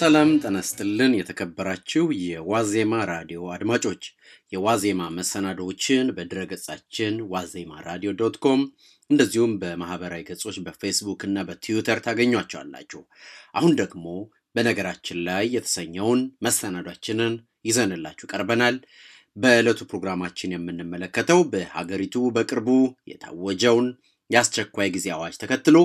ሰላም ጠነስትልን የተከበራችሁ የዋዜማ ራዲዮ አድማጮች የዋዜማ መሰናዶዎችን በድረገጻችን ዋዜማ ራዲዮ ዶት ኮም እንደዚሁም በማህበራዊ ገጾች በፌስቡክ እና በትዊተር ታገኟቸዋላችሁ። አሁን ደግሞ በነገራችን ላይ የተሰኘውን መሰናዷችንን ይዘንላችሁ ቀርበናል። በዕለቱ ፕሮግራማችን የምንመለከተው በሀገሪቱ በቅርቡ የታወጀውን የአስቸኳይ ጊዜ አዋጅ ተከትሎ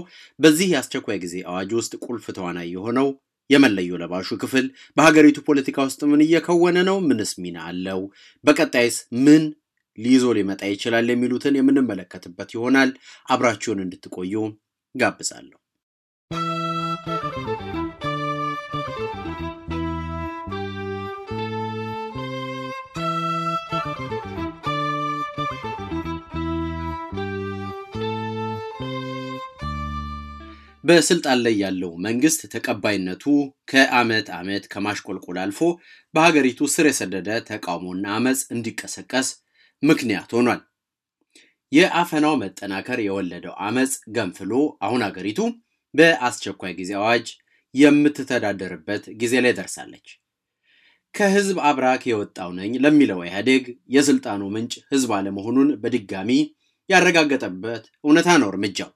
በዚህ የአስቸኳይ ጊዜ አዋጅ ውስጥ ቁልፍ ተዋናይ የሆነው የመለዮ ለባሹ ክፍል በሀገሪቱ ፖለቲካ ውስጥ ምን እየከወነ ነው? ምንስ ሚና አለው? በቀጣይስ ምን ሊይዞ ሊመጣ ይችላል? የሚሉትን የምንመለከትበት ይሆናል። አብራችሁን እንድትቆዩ ጋብዛለሁ። በስልጣን ላይ ያለው መንግስት ተቀባይነቱ ከአመት አመት ከማሽቆልቆል አልፎ በሀገሪቱ ስር የሰደደ ተቃውሞና አመፅ እንዲቀሰቀስ ምክንያት ሆኗል። የአፈናው መጠናከር የወለደው አመፅ ገንፍሎ አሁን አገሪቱ በአስቸኳይ ጊዜ አዋጅ የምትተዳደርበት ጊዜ ላይ ደርሳለች። ከህዝብ አብራክ የወጣው ነኝ ለሚለው ኢህአዴግ የስልጣኑ ምንጭ ህዝብ አለመሆኑን በድጋሚ ያረጋገጠበት እውነታ ነው እርምጃው።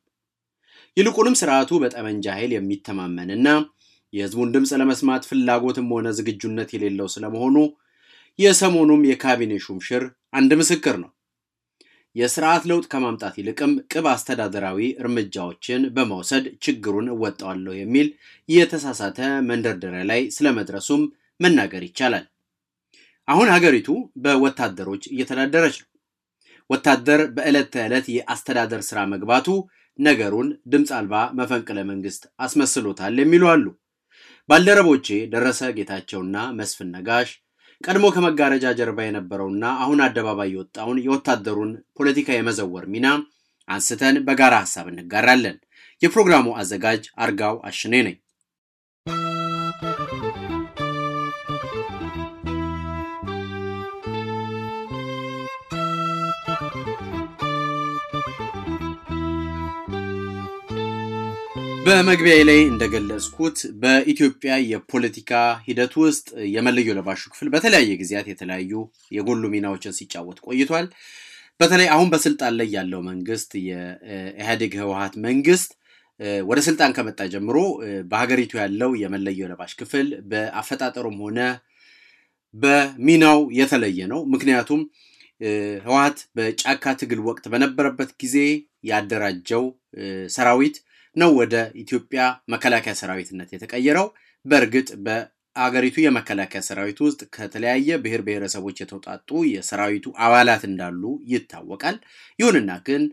ይልቁንም ስርዓቱ በጠመንጃ ኃይል የሚተማመንና የህዝቡን ድምፅ ለመስማት ፍላጎትም ሆነ ዝግጁነት የሌለው ስለመሆኑ የሰሞኑም የካቢኔ ሹምሽር አንድ ምስክር ነው። የስርዓት ለውጥ ከማምጣት ይልቅም ቅብ አስተዳደራዊ እርምጃዎችን በመውሰድ ችግሩን እወጣዋለሁ የሚል የተሳሳተ መንደርደሪያ ላይ ስለመድረሱም መናገር ይቻላል። አሁን ሀገሪቱ በወታደሮች እየተዳደረች ነው። ወታደር በዕለት ተዕለት የአስተዳደር ስራ መግባቱ ነገሩን ድምፅ አልባ መፈንቅለ መንግስት አስመስሎታል የሚሉ አሉ። ባልደረቦቼ ደረሰ ጌታቸውና መስፍን ነጋሽ ቀድሞ ከመጋረጃ ጀርባ የነበረውና አሁን አደባባይ የወጣውን የወታደሩን ፖለቲካ የመዘወር ሚና አንስተን በጋራ ሀሳብ እንጋራለን። የፕሮግራሙ አዘጋጅ አርጋው አሽኔ ነኝ። በመግቢያ ላይ እንደገለጽኩት በኢትዮጵያ የፖለቲካ ሂደት ውስጥ የመለዮ ለባሹ ክፍል በተለያየ ጊዜያት የተለያዩ የጎሉ ሚናዎችን ሲጫወት ቆይቷል። በተለይ አሁን በስልጣን ላይ ያለው መንግስት የኢህአዴግ ህወሀት መንግስት ወደ ስልጣን ከመጣ ጀምሮ በሀገሪቱ ያለው የመለዮ ለባሽ ክፍል በአፈጣጠሩም ሆነ በሚናው የተለየ ነው። ምክንያቱም ህወሀት በጫካ ትግል ወቅት በነበረበት ጊዜ ያደራጀው ሰራዊት ነው ወደ ኢትዮጵያ መከላከያ ሰራዊትነት የተቀየረው። በእርግጥ በአገሪቱ የመከላከያ ሰራዊት ውስጥ ከተለያየ ብሔር ብሔረሰቦች የተውጣጡ የሰራዊቱ አባላት እንዳሉ ይታወቃል። ይሁንና ግን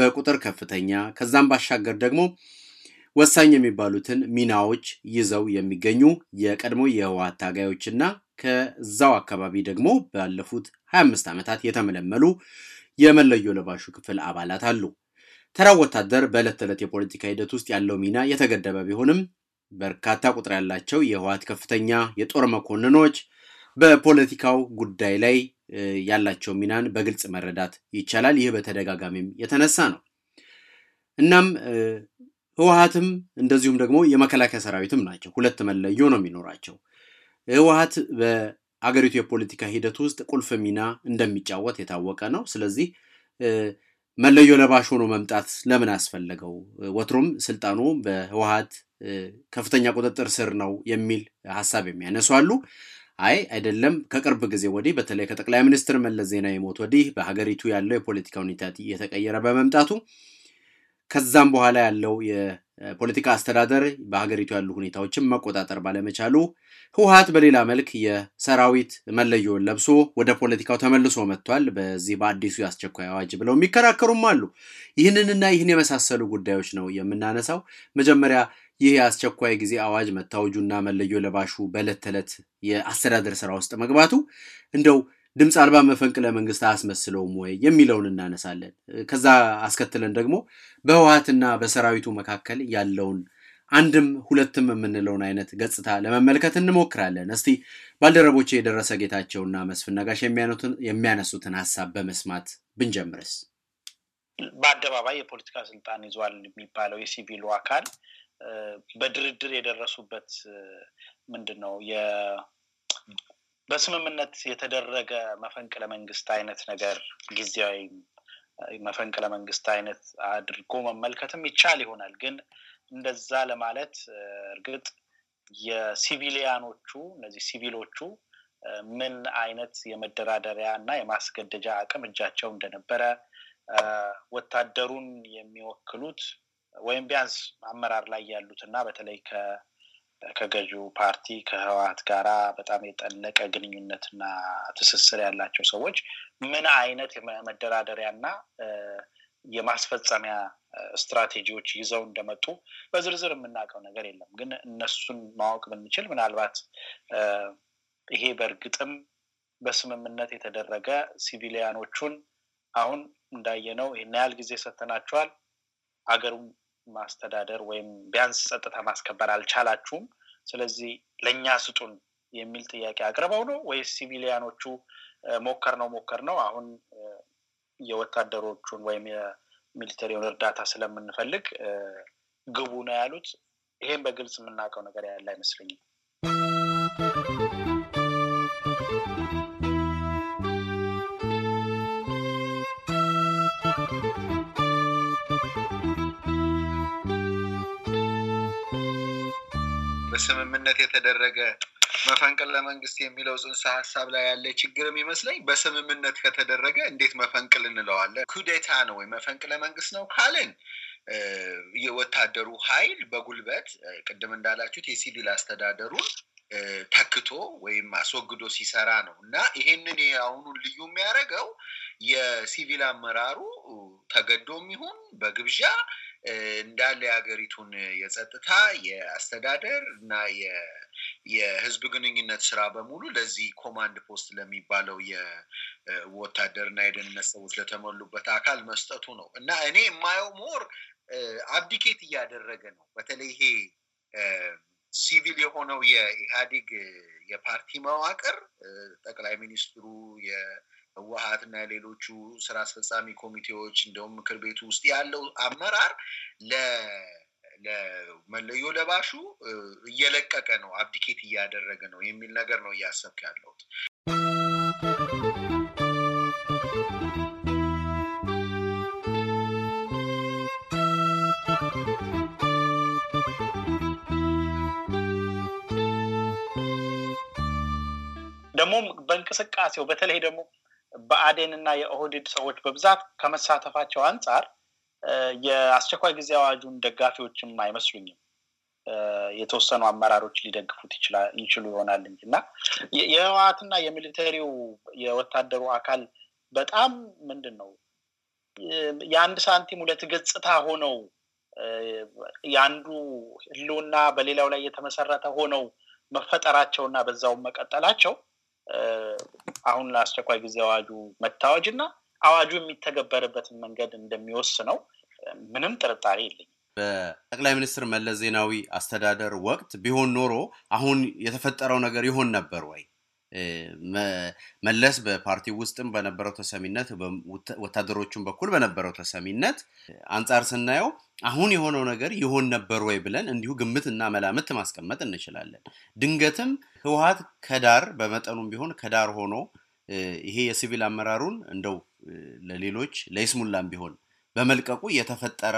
በቁጥር ከፍተኛ ከዛም ባሻገር ደግሞ ወሳኝ የሚባሉትን ሚናዎች ይዘው የሚገኙ የቀድሞ የህወሓት ታጋዮችና ከዛው አካባቢ ደግሞ ባለፉት 25 ዓመታት የተመለመሉ የመለዮ ለባሹ ክፍል አባላት አሉ። ተራ ወታደር በዕለት ተዕለት የፖለቲካ ሂደት ውስጥ ያለው ሚና የተገደበ ቢሆንም በርካታ ቁጥር ያላቸው የህወሓት ከፍተኛ የጦር መኮንኖች በፖለቲካው ጉዳይ ላይ ያላቸው ሚናን በግልጽ መረዳት ይቻላል። ይህ በተደጋጋሚም የተነሳ ነው። እናም ህወሓትም እንደዚሁም ደግሞ የመከላከያ ሰራዊትም ናቸው። ሁለት መለዮ ነው የሚኖራቸው። ህወሓት በአገሪቱ የፖለቲካ ሂደት ውስጥ ቁልፍ ሚና እንደሚጫወት የታወቀ ነው። ስለዚህ መለዮ ለባሽ ሆኖ መምጣት ለምን አስፈለገው? ወትሮም ስልጣኑ በህወሀት ከፍተኛ ቁጥጥር ስር ነው የሚል ሀሳብ የሚያነሱ አሉ። አይ አይደለም፣ ከቅርብ ጊዜ ወዲህ በተለይ ከጠቅላይ ሚኒስትር መለስ ዜናዊ ሞት ወዲህ በሀገሪቱ ያለው የፖለቲካ ሁኔታ እየተቀየረ በመምጣቱ ከዛም በኋላ ያለው የፖለቲካ አስተዳደር በሀገሪቱ ያሉ ሁኔታዎችን መቆጣጠር ባለመቻሉ ህወሀት በሌላ መልክ የሰራዊት መለዮውን ለብሶ ወደ ፖለቲካው ተመልሶ መጥቷል። በዚህ በአዲሱ የአስቸኳይ አዋጅ ብለው የሚከራከሩም አሉ። ይህንንና ይህን የመሳሰሉ ጉዳዮች ነው የምናነሳው። መጀመሪያ ይህ የአስቸኳይ ጊዜ አዋጅ መታወጁና መለዮ ለባሹ በዕለት ተዕለት የአስተዳደር ስራ ውስጥ መግባቱ እንደው ድምፅ አልባ መፈንቅለ መንግስት አያስመስለውም ወይ የሚለውን እናነሳለን። ከዛ አስከትለን ደግሞ በህወሀትና በሰራዊቱ መካከል ያለውን አንድም ሁለትም የምንለውን አይነት ገጽታ ለመመልከት እንሞክራለን። እስቲ ባልደረቦች የደረሰ ጌታቸውና መስፍን ነጋሽ የሚያነሱትን ሀሳብ በመስማት ብንጀምርስ። በአደባባይ የፖለቲካ ስልጣን ይዟል የሚባለው የሲቪሉ አካል በድርድር የደረሱበት ምንድን ነው በስምምነት የተደረገ መፈንቅለ መንግስት አይነት ነገር ጊዜያዊ መፈንቅለ መንግስት አይነት አድርጎ መመልከትም ይቻል ይሆናል። ግን እንደዛ ለማለት እርግጥ የሲቪሊያኖቹ እነዚህ ሲቪሎቹ ምን አይነት የመደራደሪያ እና የማስገደጃ አቅም እጃቸው እንደነበረ ወታደሩን የሚወክሉት ወይም ቢያንስ አመራር ላይ ያሉት እና በተለይ ከገዢው ፓርቲ ከህወሀት ጋር በጣም የጠለቀ ግንኙነትና ትስስር ያላቸው ሰዎች ምን አይነት መደራደሪያና የማስፈጸሚያ ስትራቴጂዎች ይዘው እንደመጡ በዝርዝር የምናውቀው ነገር የለም። ግን እነሱን ማወቅ ብንችል ምናልባት ይሄ በእርግጥም በስምምነት የተደረገ ሲቪሊያኖቹን አሁን እንዳየነው ይህን ያህል ጊዜ ሰተናቸዋል አገሩን ማስተዳደር ወይም ቢያንስ ጸጥታ ማስከበር አልቻላችሁም፣ ስለዚህ ለእኛ ስጡን የሚል ጥያቄ አቅርበው ነው ወይስ ሲቪሊያኖቹ ሞከር ነው ሞከር ነው አሁን የወታደሮቹን ወይም የሚሊተሪውን እርዳታ ስለምንፈልግ ግቡ ነው ያሉት? ይሄን በግልጽ የምናውቀው ነገር ያለ አይመስለኝም። ስምምነት የተደረገ መፈንቅለ መንግስት የሚለው ጽንሰ ሀሳብ ላይ ያለ ችግር የሚመስለኝ በስምምነት ከተደረገ እንዴት መፈንቅል እንለዋለን? ኩዴታ ነው ወይ መፈንቅለ መንግስት ነው ካልን የወታደሩ ኃይል በጉልበት ቅድም እንዳላችሁት የሲቪል አስተዳደሩን ተክቶ ወይም አስወግዶ ሲሰራ ነው እና ይሄንን የአሁኑን ልዩ የሚያደርገው የሲቪል አመራሩ ተገዶም ይሁን በግብዣ እንዳለ የሀገሪቱን የጸጥታ የአስተዳደር እና የህዝብ ግንኙነት ስራ በሙሉ ለዚህ ኮማንድ ፖስት ለሚባለው የወታደርና የደህንነት ሰዎች ለተሞሉበት አካል መስጠቱ ነው እና እኔ የማየው ሞር አብዲኬት እያደረገ ነው። በተለይ ይሄ ሲቪል የሆነው የኢህአዴግ የፓርቲ መዋቅር ጠቅላይ ሚኒስትሩ ህወሀት እና ሌሎቹ ስራ አስፈጻሚ ኮሚቴዎች እንደውም ምክር ቤቱ ውስጥ ያለው አመራር ለመለዮ ለባሹ እየለቀቀ ነው፣ አብዲኬት እያደረገ ነው የሚል ነገር ነው እያሰብክ ያለሁት። ደግሞ በእንቅስቃሴው በተለይ ደግሞ በአዴንና የኦህዴድ ሰዎች በብዛት ከመሳተፋቸው አንጻር የአስቸኳይ ጊዜ አዋጁን ደጋፊዎችም አይመስሉኝም። የተወሰኑ አመራሮች ሊደግፉት ይችሉ ይሆናል እንጂ እና የህወሓትና የሚሊተሪው የወታደሩ አካል በጣም ምንድን ነው የአንድ ሳንቲም ሁለት ገጽታ ሆነው የአንዱ ህልውና በሌላው ላይ የተመሰረተ ሆነው መፈጠራቸው እና በዛውም መቀጠላቸው አሁን ለአስቸኳይ ጊዜ አዋጁ መታወጅ እና አዋጁ የሚተገበርበትን መንገድ እንደሚወስነው ምንም ጥርጣሬ የለኝ በጠቅላይ ሚኒስትር መለስ ዜናዊ አስተዳደር ወቅት ቢሆን ኖሮ አሁን የተፈጠረው ነገር ይሆን ነበር ወይ? መለስ በፓርቲ ውስጥም በነበረው ተሰሚነት ወታደሮቹም በኩል በነበረው ተሰሚነት አንጻር ስናየው አሁን የሆነው ነገር ይሆን ነበር ወይ ብለን እንዲሁ ግምትና መላምት ማስቀመጥ እንችላለን። ድንገትም ህወሀት ከዳር በመጠኑም ቢሆን ከዳር ሆኖ ይሄ የሲቪል አመራሩን እንደው ለሌሎች ለይስሙላም ቢሆን በመልቀቁ የተፈጠረ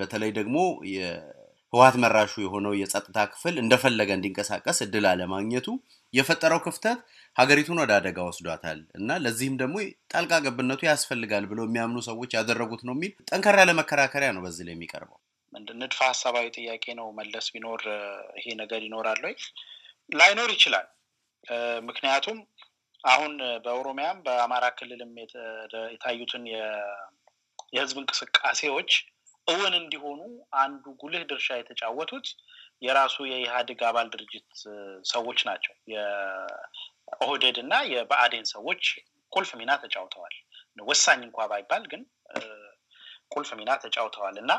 በተለይ ደግሞ ህወሓት መራሹ የሆነው የጸጥታ ክፍል እንደፈለገ እንዲንቀሳቀስ እድል አለማግኘቱ የፈጠረው ክፍተት ሀገሪቱን ወደ አደጋ ወስዷታል እና ለዚህም ደግሞ ጣልቃ ገብነቱ ያስፈልጋል ብለው የሚያምኑ ሰዎች ያደረጉት ነው የሚል ጠንከር ያለ መከራከሪያ ነው በዚህ ላይ የሚቀርበው። ንድፈ ሀሳባዊ ጥያቄ ነው። መለስ ቢኖር ይሄ ነገር ይኖራል ወይ? ላይኖር ይችላል። ምክንያቱም አሁን በኦሮሚያም በአማራ ክልልም የታዩትን የህዝብ እንቅስቃሴዎች እውን እንዲሆኑ አንዱ ጉልህ ድርሻ የተጫወቱት የራሱ የኢህአዴግ አባል ድርጅት ሰዎች ናቸው። የኦህዴድ እና የበአዴን ሰዎች ቁልፍ ሚና ተጫውተዋል። ወሳኝ እንኳ ባይባል ግን ቁልፍ ሚና ተጫውተዋል እና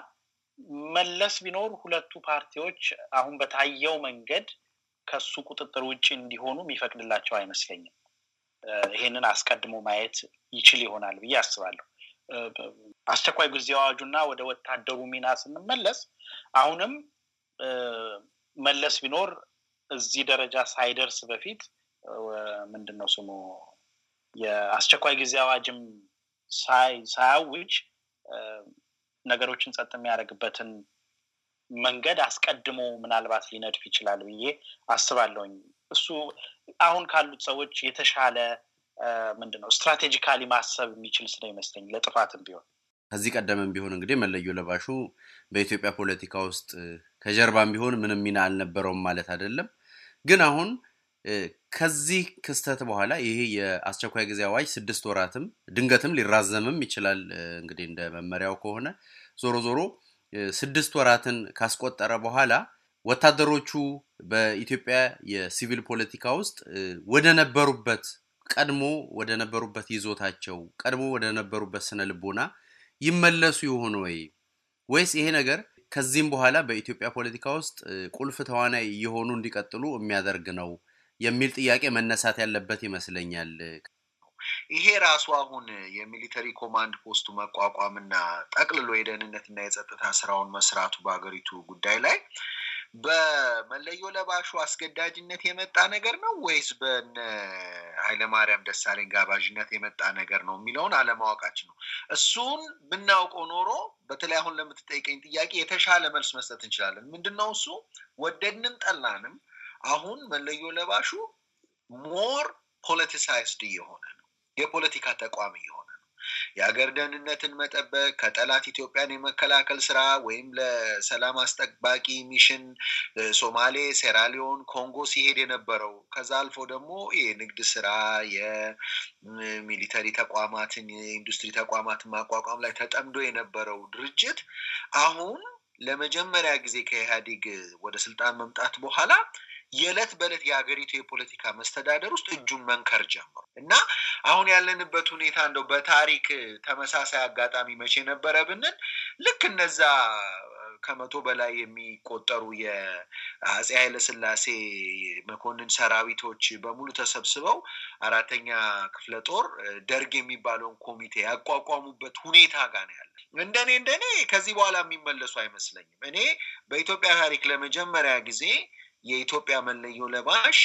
መለስ ቢኖር ሁለቱ ፓርቲዎች አሁን በታየው መንገድ ከሱ ቁጥጥር ውጭ እንዲሆኑ የሚፈቅድላቸው አይመስለኝም። ይሄንን አስቀድሞ ማየት ይችል ይሆናል ብዬ አስባለሁ። አስቸኳይ ጊዜ አዋጁና ወደ ወታደሩ ሚና ስንመለስ አሁንም መለስ ቢኖር እዚህ ደረጃ ሳይደርስ በፊት ምንድን ነው ስሙ የአስቸኳይ ጊዜ አዋጅም ሳያውጅ ነገሮችን ጸጥ የሚያደርግበትን መንገድ አስቀድሞ ምናልባት ሊነድፍ ይችላል ብዬ አስባለሁኝ። እሱ አሁን ካሉት ሰዎች የተሻለ ምንድነው ስትራቴጂካሊ ማሰብ የሚችል ይመስለኝ ለጥፋትም ቢሆን ከዚህ ቀደምም ቢሆን እንግዲህ መለዮ ለባሹ በኢትዮጵያ ፖለቲካ ውስጥ ከጀርባም ቢሆን ምንም ሚና አልነበረውም ማለት አይደለም። ግን አሁን ከዚህ ክስተት በኋላ ይሄ የአስቸኳይ ጊዜ አዋጅ ስድስት ወራትም ድንገትም ሊራዘምም ይችላል እንግዲህ እንደ መመሪያው ከሆነ ዞሮ ዞሮ ስድስት ወራትን ካስቆጠረ በኋላ ወታደሮቹ በኢትዮጵያ የሲቪል ፖለቲካ ውስጥ ወደ ነበሩበት ቀድሞ ወደ ነበሩበት ይዞታቸው ቀድሞ ወደ ነበሩበት ስነ ልቦና ይመለሱ ይሆን ወይ ወይስ ይሄ ነገር ከዚህም በኋላ በኢትዮጵያ ፖለቲካ ውስጥ ቁልፍ ተዋናይ እየሆኑ እንዲቀጥሉ የሚያደርግ ነው የሚል ጥያቄ መነሳት ያለበት ይመስለኛል። ይሄ ራሱ አሁን የሚሊተሪ ኮማንድ ፖስቱ መቋቋምና ጠቅልሎ የደህንነትና የጸጥታ ስራውን መስራቱ በሀገሪቱ ጉዳይ ላይ በመለዮ ለባሹ አስገዳጅነት የመጣ ነገር ነው ወይስ በነ ኃይለማርያም ደሳለኝ ጋባዥነት የመጣ ነገር ነው የሚለውን አለማወቃችን ነው። እሱን ብናውቀው ኖሮ በተለይ አሁን ለምትጠይቀኝ ጥያቄ የተሻለ መልስ መስጠት እንችላለን። ምንድን ነው እሱ? ወደድንም ጠላንም አሁን መለዮ ለባሹ ሞር ፖለቲሳይዝድ እየሆነ ነው፣ የፖለቲካ ተቋም እየሆነ የሀገር ደህንነትን መጠበቅ፣ ከጠላት ኢትዮጵያን የመከላከል ስራ ወይም ለሰላም አስጠባቂ ሚሽን ሶማሌ፣ ሴራሊዮን፣ ኮንጎ ሲሄድ የነበረው ከዛ አልፎ ደግሞ የንግድ ስራ፣ የሚሊተሪ ተቋማትን፣ የኢንዱስትሪ ተቋማትን ማቋቋም ላይ ተጠምዶ የነበረው ድርጅት አሁን ለመጀመሪያ ጊዜ ከኢህአዴግ ወደ ስልጣን መምጣት በኋላ የዕለት በዕለት የሀገሪቱ የፖለቲካ መስተዳደር ውስጥ እጁን መንከር ጀምሮ እና አሁን ያለንበት ሁኔታ እንደው በታሪክ ተመሳሳይ አጋጣሚ መቼ ነበረ ብንል ልክ እነዛ ከመቶ በላይ የሚቆጠሩ የአፄ ኃይለስላሴ መኮንን ሰራዊቶች በሙሉ ተሰብስበው አራተኛ ክፍለ ጦር ደርግ የሚባለውን ኮሚቴ ያቋቋሙበት ሁኔታ ጋር ነው ያለ። እንደኔ እንደኔ ከዚህ በኋላ የሚመለሱ አይመስለኝም። እኔ በኢትዮጵያ ታሪክ ለመጀመሪያ ጊዜ የኢትዮጵያ መለዮ ለባሽ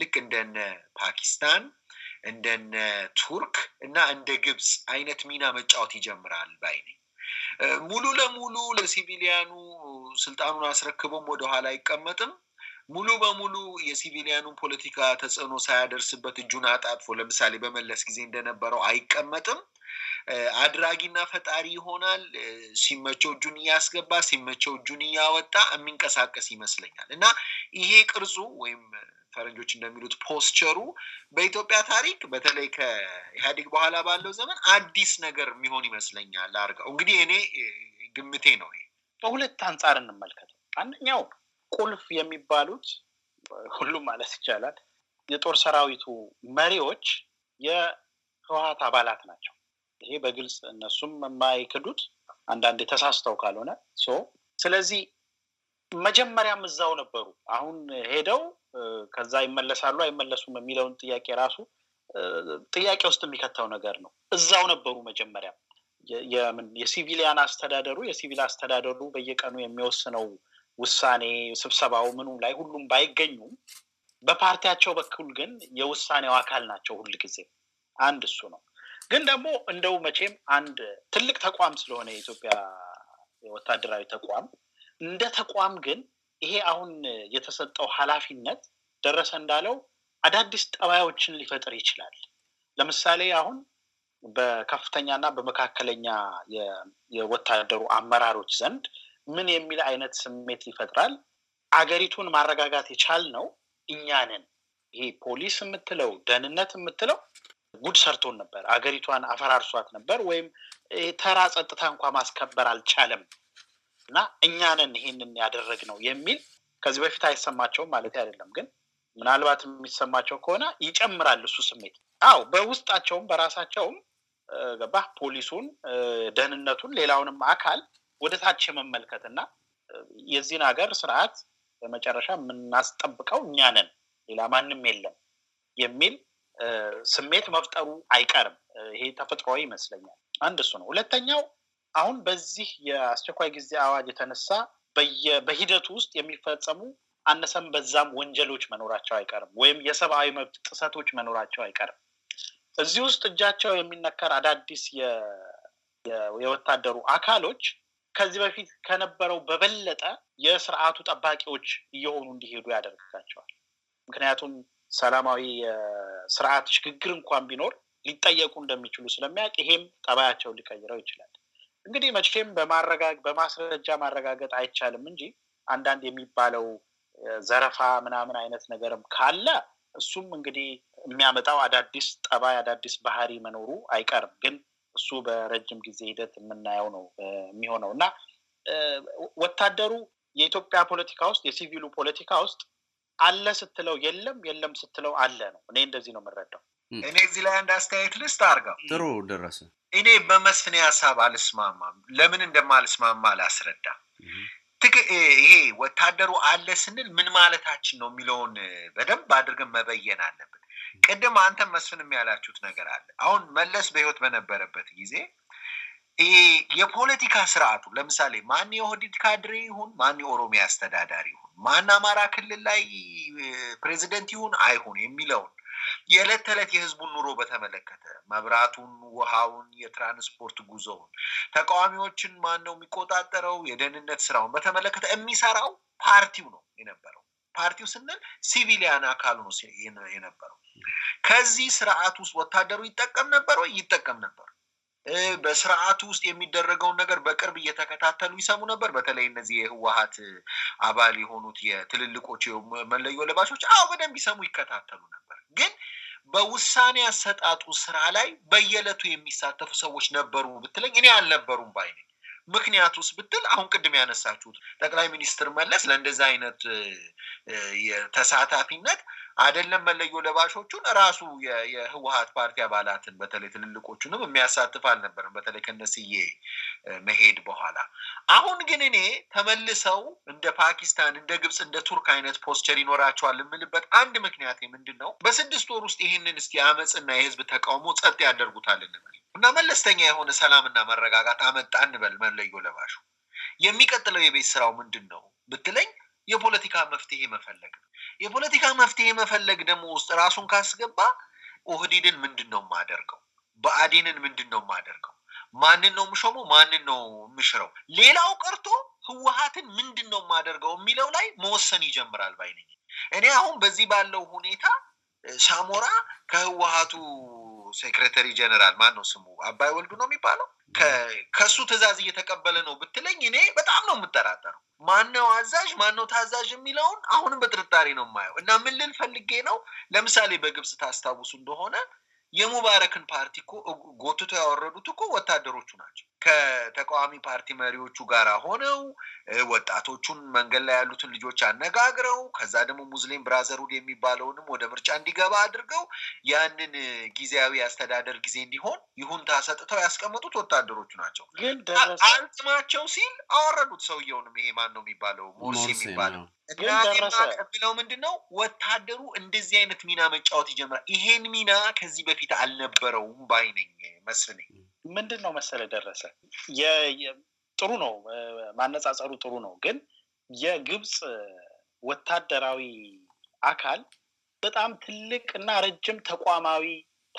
ልክ እንደነ ፓኪስታን እንደነ ቱርክ እና እንደ ግብፅ አይነት ሚና መጫወት ይጀምራል ባይ ሙሉ ለሙሉ ለሲቪሊያኑ ስልጣኑን አስረክቦም ወደኋላ አይቀመጥም። ሙሉ በሙሉ የሲቪሊያኑን ፖለቲካ ተጽዕኖ ሳያደርስበት እጁን አጣጥፎ ለምሳሌ በመለስ ጊዜ እንደነበረው አይቀመጥም። አድራጊና ፈጣሪ ይሆናል። ሲመቸው እጁን እያስገባ ሲመቸው እጁን እያወጣ የሚንቀሳቀስ ይመስለኛል እና ይሄ ቅርጹ ወይም ፈረንጆች እንደሚሉት ፖስቸሩ በኢትዮጵያ ታሪክ በተለይ ከኢህአዴግ በኋላ ባለው ዘመን አዲስ ነገር የሚሆን ይመስለኛል። አርጋው እንግዲህ እኔ ግምቴ ነው። ይሄ በሁለት አንጻር እንመልከተው። አንደኛው ቁልፍ የሚባሉት ሁሉም ማለት ይቻላል የጦር ሰራዊቱ መሪዎች የህወሀት አባላት ናቸው። ይሄ በግልጽ እነሱም የማይክዱት አንዳንድ ተሳስተው ካልሆነ ስለዚህ መጀመሪያም እዛው ነበሩ። አሁን ሄደው ከዛ ይመለሳሉ አይመለሱም የሚለውን ጥያቄ ራሱ ጥያቄ ውስጥ የሚከተው ነገር ነው። እዛው ነበሩ መጀመሪያም የሲቪሊያን አስተዳደሩ የሲቪል አስተዳደሩ በየቀኑ የሚወስነው ውሳኔ ስብሰባው፣ ምኑ ላይ ሁሉም ባይገኙም በፓርቲያቸው በኩል ግን የውሳኔው አካል ናቸው ሁል ጊዜ። አንድ እሱ ነው። ግን ደግሞ እንደው መቼም አንድ ትልቅ ተቋም ስለሆነ የኢትዮጵያ ወታደራዊ ተቋም እንደ ተቋም ግን ይሄ አሁን የተሰጠው ኃላፊነት ደረሰ እንዳለው አዳዲስ ጠባዮችን ሊፈጥር ይችላል። ለምሳሌ አሁን በከፍተኛና በመካከለኛ የወታደሩ አመራሮች ዘንድ ምን የሚል አይነት ስሜት ይፈጥራል? አገሪቱን ማረጋጋት የቻል ነው እኛንን ይሄ ፖሊስ የምትለው ደህንነት የምትለው ጉድ ሰርቶን ነበር። አገሪቷን አፈራርሷት ነበር፣ ወይም ተራ ጸጥታ እንኳ ማስከበር አልቻለም እና እኛንን ይሄንን ያደረግነው የሚል ከዚህ በፊት አይሰማቸውም ማለት አይደለም፣ ግን ምናልባት የሚሰማቸው ከሆነ ይጨምራል እሱ ስሜት። አዎ በውስጣቸውም በራሳቸውም ገባ ፖሊሱን፣ ደህንነቱን፣ ሌላውንም አካል ወደ ታች የመመልከት እና የዚህን ሀገር ስርዓት በመጨረሻ የምናስጠብቀው እኛ ነን፣ ሌላ ማንም የለም የሚል ስሜት መፍጠሩ አይቀርም። ይሄ ተፈጥሯዊ ይመስለኛል። አንድ እሱ ነው። ሁለተኛው አሁን በዚህ የአስቸኳይ ጊዜ አዋጅ የተነሳ በሂደቱ ውስጥ የሚፈጸሙ አነሰም በዛም ወንጀሎች መኖራቸው አይቀርም፣ ወይም የሰብአዊ መብት ጥሰቶች መኖራቸው አይቀርም። እዚህ ውስጥ እጃቸው የሚነከር አዳዲስ የወታደሩ አካሎች ከዚህ በፊት ከነበረው በበለጠ የስርዓቱ ጠባቂዎች እየሆኑ እንዲሄዱ ያደርጋቸዋል። ምክንያቱም ሰላማዊ ስርዓት ሽግግር እንኳን ቢኖር ሊጠየቁ እንደሚችሉ ስለሚያውቅ ይሄም ጠባያቸውን ሊቀይረው ይችላል። እንግዲህ መቼም በማስረጃ ማረጋገጥ አይቻልም እንጂ አንዳንድ የሚባለው ዘረፋ ምናምን አይነት ነገርም ካለ እሱም እንግዲህ የሚያመጣው አዳዲስ ጠባይ አዳዲስ ባህሪ መኖሩ አይቀርም። ግን እሱ በረጅም ጊዜ ሂደት የምናየው ነው የሚሆነው እና ወታደሩ የኢትዮጵያ ፖለቲካ ውስጥ የሲቪሉ ፖለቲካ ውስጥ አለ ስትለው የለም፣ የለም ስትለው አለ ነው። እኔ እንደዚህ ነው የምረዳው። እኔ እዚህ ላይ አንድ አስተያየት ልስጥ አድርገው። ጥሩ ደረሰ። እኔ በመስፍኔ ሀሳብ አልስማማም። ለምን እንደማልስማማ አላስረዳም። ይሄ ወታደሩ አለ ስንል ምን ማለታችን ነው የሚለውን በደንብ አድርገን መበየን አለብን። ቅድም አንተም መስፍንም ያላችሁት ነገር አለ። አሁን መለስ በህይወት በነበረበት ጊዜ ይሄ የፖለቲካ ስርዓቱ ለምሳሌ ማን የኦህዴድ ካድሬ ይሁን ማን የኦሮሚያ አስተዳዳሪ ይሁን ማን አማራ ክልል ላይ ፕሬዚደንት ይሁን አይሁን የሚለውን የዕለት ተዕለት የህዝቡን ኑሮ በተመለከተ መብራቱን፣ ውሃውን፣ የትራንስፖርት ጉዞውን፣ ተቃዋሚዎችን ማን ነው የሚቆጣጠረው፣ የደህንነት ስራውን በተመለከተ የሚሰራው ፓርቲው ነው የነበረው። ፓርቲው ስንል ሲቪሊያን አካሉ ነው የነበረው። ከዚህ ስርዓት ውስጥ ወታደሩ ይጠቀም ነበር ወይ? ይጠቀም ነበር። በስርዓቱ ውስጥ የሚደረገውን ነገር በቅርብ እየተከታተሉ ይሰሙ ነበር። በተለይ እነዚህ የህወሀት አባል የሆኑት የትልልቆች መለዮ ለባሾች፣ አዎ በደንብ ይሰሙ ይከታተሉ ነበር ግን በውሳኔ አሰጣጡ ስራ ላይ በየዕለቱ የሚሳተፉ ሰዎች ነበሩ ብትለኝ እኔ አልነበሩም ባይ ነኝ። ውስጥ ብትል አሁን ቅድም ያነሳችሁት ጠቅላይ ሚኒስትር መለስ ለእንደዚህ አይነት ተሳታፊነት አይደለም መለዮ ለባሾቹን ራሱ የህወሀት ፓርቲ አባላትን በተለይ ትልልቆቹንም የሚያሳትፍ አልነበርም። በተለይ ከነስዬ መሄድ በኋላ አሁን ግን እኔ ተመልሰው እንደ ፓኪስታን፣ እንደ ግብፅ፣ እንደ ቱርክ አይነት ፖስቸር ይኖራቸዋል የምልበት አንድ ምክንያት ምንድን ነው? በስድስት ወር ውስጥ ይህንን እስቲ አመፅና የህዝብ ተቃውሞ ጸጥ ያደርጉታል እንበል እና መለስተኛ የሆነ ሰላምና መረጋጋት አመጣ እንበል መለዮ ለባሹ የሚቀጥለው የቤት ስራው ምንድን ነው ብትለኝ የፖለቲካ መፍትሄ መፈለግ ነው። የፖለቲካ መፍትሄ መፈለግ ደግሞ ውስጥ ራሱን ካስገባ ኦህዲድን ምንድን ነው የማደርገው? በአዴንን ምንድን ነው የማደርገው? ማንን ነው ምሾሞ? ማንን ነው ምሽረው? ሌላው ቀርቶ ህወሀትን ምንድን ነው የማደርገው የሚለው ላይ መወሰን ይጀምራል ባይነኝ። እኔ አሁን በዚህ ባለው ሁኔታ ሳሞራ ከህወሀቱ ሴክሬተሪ ጀነራል ማን ነው ስሙ? አባይ ወልዱ ነው የሚባለው። ከሱ ትዕዛዝ እየተቀበለ ነው ብትለኝ እኔ በጣም ነው የምጠራጠረው። ማነው አዛዥ ማነው ታዛዥ የሚለውን አሁንም በጥርጣሬ ነው የማየው እና ምን ልል ፈልጌ ነው ለምሳሌ በግብፅ ታስታውሱ እንደሆነ የሙባረክን ፓርቲ እኮ ጎትቶ ያወረዱት እኮ ወታደሮቹ ናቸው። ከተቃዋሚ ፓርቲ መሪዎቹ ጋር ሆነው ወጣቶቹን መንገድ ላይ ያሉትን ልጆች አነጋግረው ከዛ ደግሞ ሙስሊም ብራዘርሁድ የሚባለውንም ወደ ምርጫ እንዲገባ አድርገው ያንን ጊዜያዊ አስተዳደር ጊዜ እንዲሆን ይሁንታ ሰጥተው ያስቀመጡት ወታደሮቹ ናቸው። ግን አልጥማቸው ሲል አወረዱት ሰውየውንም። ይሄ ማን ነው የሚባለው? ሞርሲ የሚባለው ግን ምንድን ነው? ወታደሩ እንደዚህ አይነት ሚና መጫወት ይጀምራል። ይሄን ሚና ከዚህ በፊት አልነበረውም ባይነኝ መስኔ ምንድን ነው መሰለ ደረሰ ጥሩ ነው ማነጻጸሩ ጥሩ ነው። ግን የግብፅ ወታደራዊ አካል በጣም ትልቅ እና ረጅም ተቋማዊ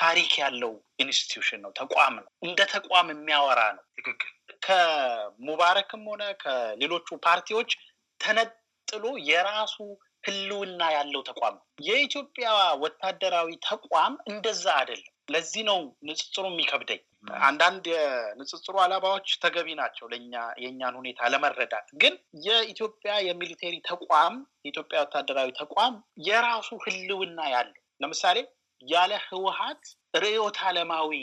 ታሪክ ያለው ኢንስቲትዩሽን ነው፣ ተቋም ነው፣ እንደ ተቋም የሚያወራ ነው። ትክክል ከሙባረክም ሆነ ከሌሎቹ ፓርቲዎች ጥሎ የራሱ ህልውና ያለው ተቋም ነው። የኢትዮጵያ ወታደራዊ ተቋም እንደዛ አይደለም። ለዚህ ነው ንጽጽሩ የሚከብደኝ። አንዳንድ የንጽጽሩ አላባዎች ተገቢ ናቸው ለእኛ የእኛን ሁኔታ ለመረዳት። ግን የኢትዮጵያ የሚሊቴሪ ተቋም የኢትዮጵያ ወታደራዊ ተቋም የራሱ ህልውና ያለው ለምሳሌ ያለ ህወሀት ርዕዮተ ዓለማዊ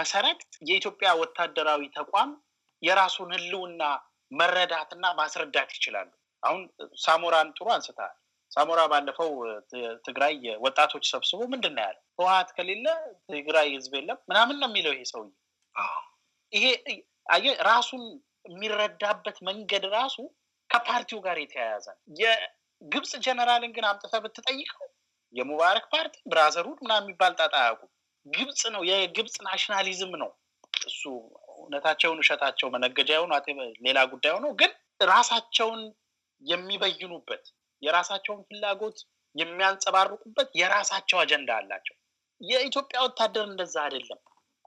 መሰረት የኢትዮጵያ ወታደራዊ ተቋም የራሱን ህልውና መረዳትና ማስረዳት ይችላሉ። አሁን ሳሞራን ጥሩ አንስተሃል። ሳሞራ ባለፈው ትግራይ ወጣቶች ሰብስቦ ምንድን ነው ያለው? ህወሀት ከሌለ ትግራይ ህዝብ የለም ምናምን ነው የሚለው ይሄ ሰውዬ። ይሄ ራሱን የሚረዳበት መንገድ ራሱ ከፓርቲው ጋር የተያያዘ ነው። የግብፅ ጀነራልን ግን አምጥተህ ብትጠይቀው የሙባረክ ፓርቲ ብራዘርሁድ ምናምን የሚባል ጣጣ አያውቁም። ግብፅ ነው የግብፅ ናሽናሊዝም ነው እሱ እውነታቸውን ውሸታቸው መነገጃ የሆኑ ሌላ ጉዳይ ሆኖ ግን ራሳቸውን የሚበይኑበት የራሳቸውን ፍላጎት የሚያንጸባርቁበት የራሳቸው አጀንዳ አላቸው። የኢትዮጵያ ወታደር እንደዛ አይደለም።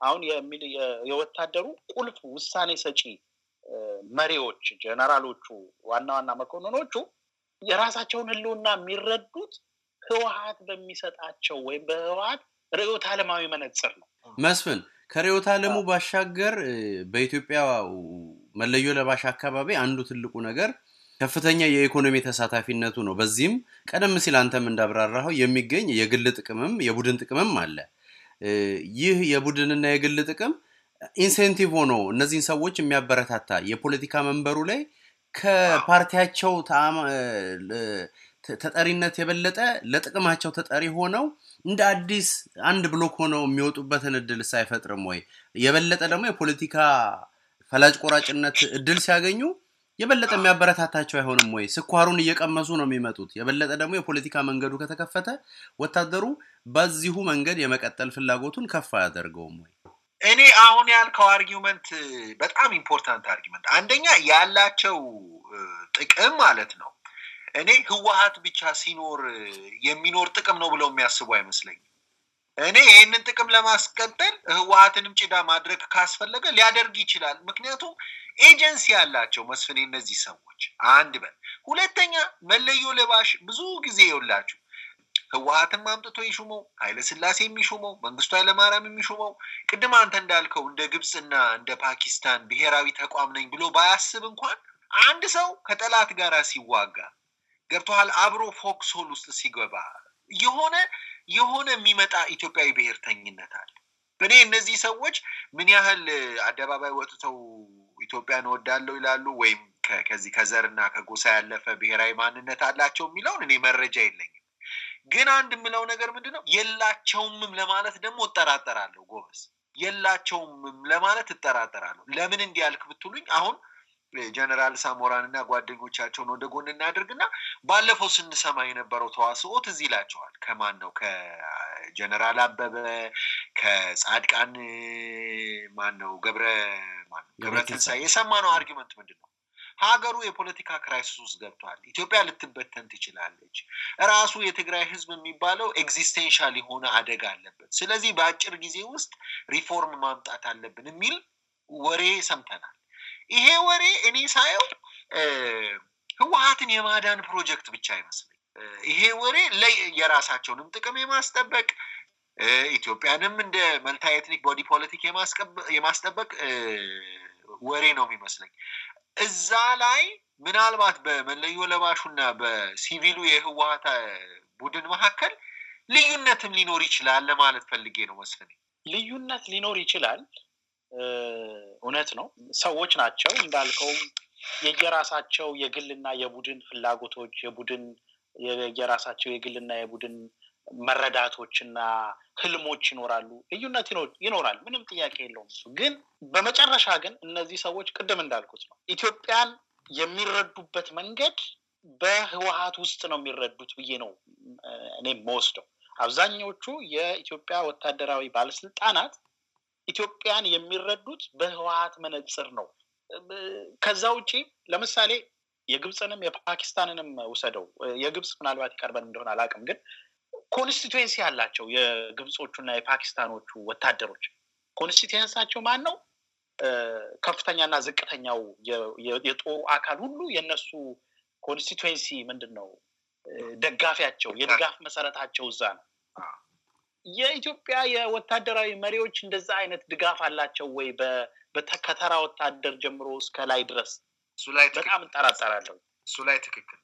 አሁን የወታደሩ ቁልፍ ውሳኔ ሰጪ መሪዎች፣ ጀነራሎቹ፣ ዋና ዋና መኮንኖቹ የራሳቸውን ህልውና የሚረዱት ህወሀት በሚሰጣቸው ወይም በህወሀት ርዮት አለማዊ መነጽር ነው። መስፍን ከርዕዮተ አለሙ ባሻገር በኢትዮጵያ መለዮ ለባሽ አካባቢ አንዱ ትልቁ ነገር ከፍተኛ የኢኮኖሚ ተሳታፊነቱ ነው። በዚህም ቀደም ሲል አንተም እንዳብራራኸው የሚገኝ የግል ጥቅምም የቡድን ጥቅምም አለ። ይህ የቡድንና የግል ጥቅም ኢንሴንቲቭ ሆኖ እነዚህን ሰዎች የሚያበረታታ የፖለቲካ መንበሩ ላይ ከፓርቲያቸው ተጠሪነት የበለጠ ለጥቅማቸው ተጠሪ ሆነው እንደ አዲስ አንድ ብሎክ ሆነው የሚወጡበትን እድል ሳይፈጥርም ወይ? የበለጠ ደግሞ የፖለቲካ ፈላጭ ቆራጭነት እድል ሲያገኙ የበለጠ የሚያበረታታቸው አይሆንም ወይ? ስኳሩን እየቀመሱ ነው የሚመጡት። የበለጠ ደግሞ የፖለቲካ መንገዱ ከተከፈተ ወታደሩ በዚሁ መንገድ የመቀጠል ፍላጎቱን ከፍ አያደርገውም ወይ? እኔ አሁን ያልከው አርጊመንት በጣም ኢምፖርታንት አርጊመንት፣ አንደኛ ያላቸው ጥቅም ማለት ነው። እኔ ህወሀት ብቻ ሲኖር የሚኖር ጥቅም ነው ብለው የሚያስቡ አይመስለኝም። እኔ ይህንን ጥቅም ለማስቀጠል ህወሀትንም ጭዳ ማድረግ ካስፈለገ ሊያደርግ ይችላል። ምክንያቱም ኤጀንሲ ያላቸው መስፍኔ እነዚህ ሰዎች አንድ በል ሁለተኛ መለዮ ለባሽ ብዙ ጊዜ የውላችሁ ህወሀትን አምጥቶ ኃይለ ኃይለስላሴ የሚሹመው፣ መንግስቱ ኃይለማርያም የሚሹመው ቅድም አንተ እንዳልከው እንደ ግብፅና እንደ ፓኪስታን ብሔራዊ ተቋም ነኝ ብሎ ባያስብ እንኳን አንድ ሰው ከጠላት ጋር ሲዋጋ ገብተዋል አብሮ ሆል ውስጥ ሲገባ የሆነ የሆነ የሚመጣ ኢትዮጵያዊ ብሔርተኝነት አለ። እኔ እነዚህ ሰዎች ምን ያህል አደባባይ ወጥተው ኢትዮጵያን እወዳለሁ ይላሉ ወይም ከዚህ ከዘርና ከጎሳ ያለፈ ብሔራዊ ማንነት አላቸው የሚለውን እኔ መረጃ የለኝም። ግን አንድ የምለው ነገር ምንድ ነው የላቸውምም ለማለት ደግሞ እጠራጠራለሁ። ጎበዝ የላቸውምም ለማለት እጠራጠራለሁ። ለምን እንዲያልክ ብትሉኝ አሁን ጀነራል ሳሞራን እና ጓደኞቻቸውን ወደ ጎን እናድርግና ባለፈው ስንሰማ የነበረው ተዋስኦ ትዝ ይላቸዋል። ከማን ነው? ከጀነራል አበበ ከጻድቃን ማን ነው? ገብረ ገብረ ትንሳኤ የሰማነው አርጊመንት ምንድን ነው? ሀገሩ የፖለቲካ ክራይሲስ ውስጥ ገብቷል። ኢትዮጵያ ልትበተን ትችላለች። ራሱ የትግራይ ህዝብ የሚባለው ኤግዚስቴንሻል የሆነ አደጋ አለበት። ስለዚህ በአጭር ጊዜ ውስጥ ሪፎርም ማምጣት አለብን የሚል ወሬ ሰምተናል። ይሄ ወሬ እኔ ሳየው ህወሀትን የማዳን ፕሮጀክት ብቻ አይመስለኝ። ይሄ ወሬ የራሳቸውንም ጥቅም የማስጠበቅ ኢትዮጵያንም እንደ መልታ ኤትኒክ ቦዲ ፖለቲክ የማስጠበቅ ወሬ ነው የሚመስለኝ። እዛ ላይ ምናልባት በመለዮ ለባሹና በሲቪሉ የህወሀት ቡድን መካከል ልዩነትም ሊኖር ይችላል ለማለት ፈልጌ ነው መስለኝ። ልዩነት ሊኖር ይችላል እውነት ነው። ሰዎች ናቸው እንዳልከውም የየራሳቸው የግልና የቡድን ፍላጎቶች የቡድን የየራሳቸው የግልና የቡድን መረዳቶች እና ህልሞች ይኖራሉ። ልዩነት ይኖራል፣ ምንም ጥያቄ የለውም። እሱ ግን በመጨረሻ ግን እነዚህ ሰዎች ቅድም እንዳልኩት ነው ኢትዮጵያን የሚረዱበት መንገድ በህወሀት ውስጥ ነው የሚረዱት ብዬ ነው እኔ መወስደው አብዛኞቹ የኢትዮጵያ ወታደራዊ ባለስልጣናት ኢትዮጵያን የሚረዱት በህወሀት መነጽር ነው። ከዛ ውጪ ለምሳሌ የግብፅንም የፓኪስታንንም ውሰደው። የግብፅ ምናልባት ይቀርበን እንደሆነ አላውቅም፣ ግን አላቸው የግብፆቹ የግብፆቹና የፓኪስታኖቹ ወታደሮች ኮንስቲቱዌንሳቸው ማን ነው? ከፍተኛና ዝቅተኛው የጦሩ አካል ሁሉ የእነሱ ኮንስቲትዌንሲ ምንድን ነው? ደጋፊያቸው፣ የድጋፍ መሰረታቸው እዛ ነው። የኢትዮጵያ የወታደራዊ መሪዎች እንደዛ አይነት ድጋፍ አላቸው ወይ? ከተራ ወታደር ጀምሮ እስከ ላይ ድረስ በጣም እጠራጠራለሁ። እሱ ላይ ትክክል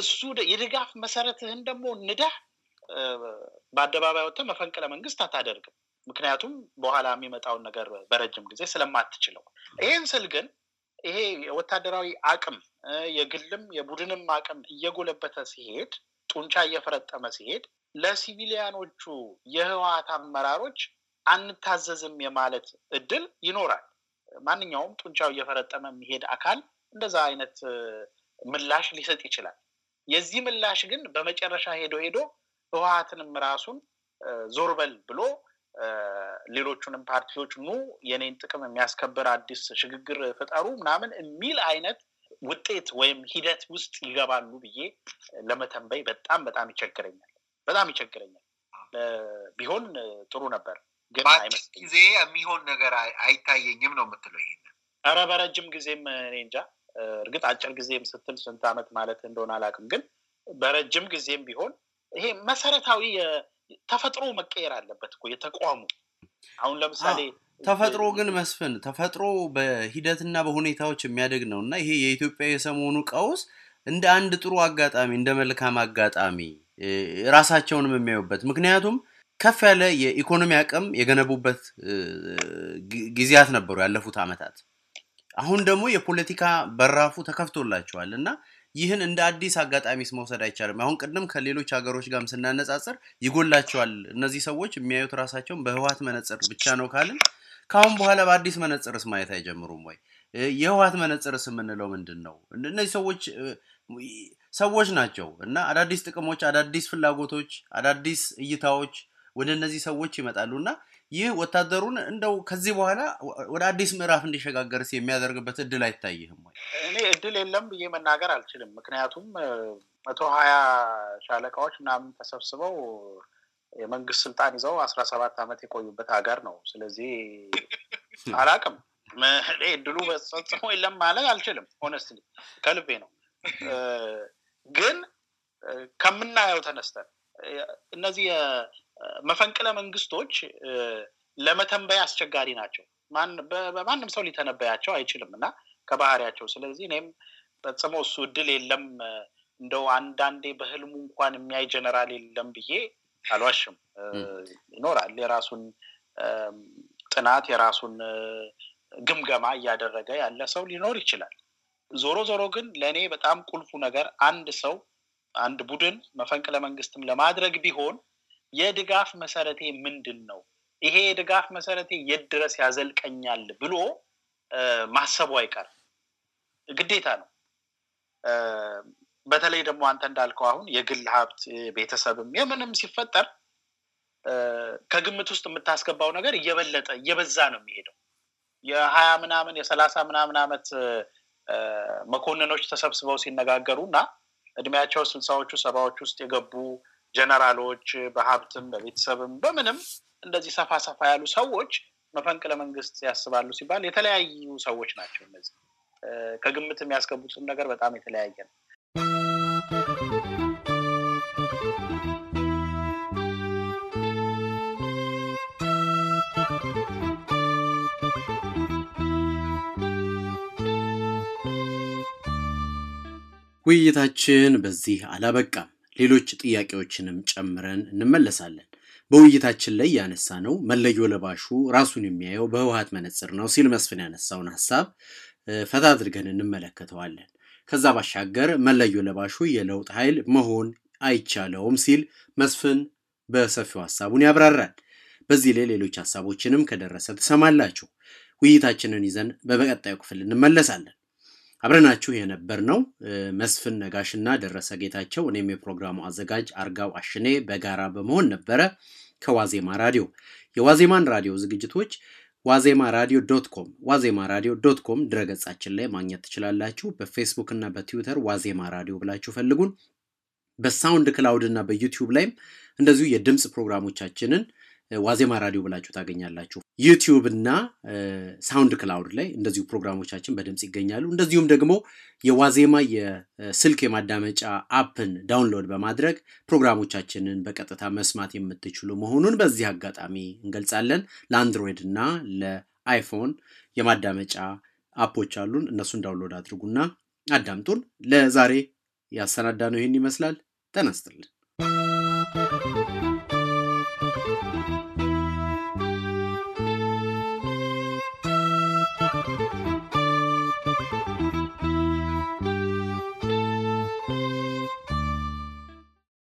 እሱ የድጋፍ መሰረትህን ደግሞ ንዳህ በአደባባይ ወጥተህ መፈንቅለ መንግስት አታደርግም። ምክንያቱም በኋላ የሚመጣውን ነገር በረጅም ጊዜ ስለማትችለው። ይህን ስል ግን ይሄ የወታደራዊ አቅም የግልም የቡድንም አቅም እየጎለበተ ሲሄድ፣ ጡንቻ እየፈረጠመ ሲሄድ ለሲቪሊያኖቹ የህወሀት አመራሮች አንታዘዝም የማለት እድል ይኖራል። ማንኛውም ጡንቻው እየፈረጠመ የሚሄድ አካል እንደዛ አይነት ምላሽ ሊሰጥ ይችላል። የዚህ ምላሽ ግን በመጨረሻ ሄዶ ሄዶ ህወሀትንም ራሱን ዞርበል ብሎ ሌሎቹንም ፓርቲዎች ኑ የኔን ጥቅም የሚያስከብር አዲስ ሽግግር ፍጠሩ ምናምን የሚል አይነት ውጤት ወይም ሂደት ውስጥ ይገባሉ ብዬ ለመተንበይ በጣም በጣም ይቸግረኛል። በጣም ይቸግረኛል። ቢሆን ጥሩ ነበር፣ ግን አይመስለኝም። ጊዜ የሚሆን ነገር አይታየኝም ነው የምትለው? ይሄን ኧረ በረጅም ጊዜም እኔ እንጃ። እርግጥ አጭር ጊዜም ስትል ስንት ዓመት ማለት እንደሆነ አላውቅም፣ ግን በረጅም ጊዜም ቢሆን ይሄ መሰረታዊ ተፈጥሮ መቀየር አለበት እኮ የተቋሙ። አሁን ለምሳሌ ተፈጥሮ ግን መስፍን ተፈጥሮ በሂደትና በሁኔታዎች የሚያደግ ነው እና ይሄ የኢትዮጵያ የሰሞኑ ቀውስ እንደ አንድ ጥሩ አጋጣሚ እንደ መልካም አጋጣሚ ራሳቸውንም የሚያዩበት ምክንያቱም ከፍ ያለ የኢኮኖሚ አቅም የገነቡበት ጊዜያት ነበሩ ያለፉት አመታት አሁን ደግሞ የፖለቲካ በራፉ ተከፍቶላቸዋል እና ይህን እንደ አዲስ አጋጣሚስ መውሰድ አይቻልም? አሁን ቅድም ከሌሎች ሀገሮች ጋርም ስናነጻጽር ይጎላቸዋል። እነዚህ ሰዎች የሚያዩት ራሳቸውን በህዋት መነጽር ብቻ ነው ካልን ከአሁን በኋላ በአዲስ መነጽርስ ማየት አይጀምሩም ወይ? የህዋት መነጽርስ የምንለው ምንድን ነው? እነዚህ ሰዎች ሰዎች ናቸው እና አዳዲስ ጥቅሞች፣ አዳዲስ ፍላጎቶች፣ አዳዲስ እይታዎች ወደ እነዚህ ሰዎች ይመጣሉ እና ይህ ወታደሩን እንደው ከዚህ በኋላ ወደ አዲስ ምዕራፍ እንዲሸጋገርስ የሚያደርግበት እድል አይታይህም ወይ? እኔ እድል የለም ብዬ መናገር አልችልም። ምክንያቱም መቶ ሀያ ሻለቃዎች ምናምን ተሰብስበው የመንግስት ስልጣን ይዘው አስራ ሰባት ዓመት የቆዩበት ሀገር ነው። ስለዚህ አላቅም እድሉ ፈጽሞ የለም ማለት አልችልም። ሆነስትሊ ከልቤ ነው። ግን ከምናየው ተነስተን እነዚህ መፈንቅለ መንግስቶች ለመተንበያ አስቸጋሪ ናቸው። በማንም ሰው ሊተነበያቸው አይችልም እና ከባህሪያቸው። ስለዚህ እኔም ፈጽሞ እሱ እድል የለም እንደው አንዳንዴ በህልሙ እንኳን የሚያይ ጀነራል የለም ብዬ አልዋሽም። ይኖራል የራሱን ጥናት የራሱን ግምገማ እያደረገ ያለ ሰው ሊኖር ይችላል። ዞሮ ዞሮ ግን ለእኔ በጣም ቁልፉ ነገር አንድ ሰው አንድ ቡድን መፈንቅለ መንግስትም ለማድረግ ቢሆን የድጋፍ መሰረቴ ምንድን ነው፣ ይሄ የድጋፍ መሰረቴ የት ድረስ ያዘልቀኛል ብሎ ማሰቡ አይቀርም፣ ግዴታ ነው። በተለይ ደግሞ አንተ እንዳልከው አሁን የግል ሀብት ቤተሰብም የምንም ሲፈጠር ከግምት ውስጥ የምታስገባው ነገር እየበለጠ እየበዛ ነው የሚሄደው የሀያ ምናምን የሰላሳ ምናምን ዓመት መኮንኖች ተሰብስበው ሲነጋገሩ እና እድሜያቸው ስልሳዎቹ ሰባዎች ውስጥ የገቡ ጀነራሎች በሀብትም በቤተሰብም በምንም እንደዚህ ሰፋ ሰፋ ያሉ ሰዎች መፈንቅለ መንግስት ያስባሉ ሲባል የተለያዩ ሰዎች ናቸው እነዚህ ከግምት የሚያስገቡትም ነገር በጣም የተለያየ ነው ውይይታችን በዚህ አላበቃም። ሌሎች ጥያቄዎችንም ጨምረን እንመለሳለን። በውይይታችን ላይ ያነሳ ነው መለዮ ለባሹ ራሱን የሚያየው በህወሀት መነጽር ነው ሲል መስፍን ያነሳውን ሀሳብ ፈታ አድርገን እንመለከተዋለን። ከዛ ባሻገር መለዮ ለባሹ የለውጥ ኃይል መሆን አይቻለውም ሲል መስፍን በሰፊው ሀሳቡን ያብራራል። በዚህ ላይ ሌሎች ሀሳቦችንም ከደረሰ ትሰማላችሁ። ውይይታችንን ይዘን በቀጣዩ ክፍል እንመለሳለን። አብረናችሁ የነበር ነው መስፍን ነጋሽና ደረሰ ጌታቸው፣ እኔም የፕሮግራሙ አዘጋጅ አርጋው አሽኔ በጋራ በመሆን ነበረ ከዋዜማ ራዲዮ የዋዜማን ራዲዮ ዝግጅቶች ዋዜማ ራዲዮ ዶት ኮም ዋዜማ ራዲዮ ዶት ኮም ድረገጻችን ላይ ማግኘት ትችላላችሁ። በፌስቡክ እና በትዊተር ዋዜማ ራዲዮ ብላችሁ ፈልጉን። በሳውንድ ክላውድ እና በዩቲዩብ ላይም እንደዚሁ የድምፅ ፕሮግራሞቻችንን ዋዜማ ራዲዮ ብላችሁ ታገኛላችሁ። ዩቲዩብ እና ሳውንድ ክላውድ ላይ እንደዚሁ ፕሮግራሞቻችን በድምፅ ይገኛሉ። እንደዚሁም ደግሞ የዋዜማ የስልክ የማዳመጫ አፕን ዳውንሎድ በማድረግ ፕሮግራሞቻችንን በቀጥታ መስማት የምትችሉ መሆኑን በዚህ አጋጣሚ እንገልጻለን። ለአንድሮይድ እና ለአይፎን የማዳመጫ አፖች አሉን። እነሱን ዳውንሎድ አድርጉና አዳምጡን። ለዛሬ ያሰናዳ ነው ይህን ይመስላል። ተነስትልን።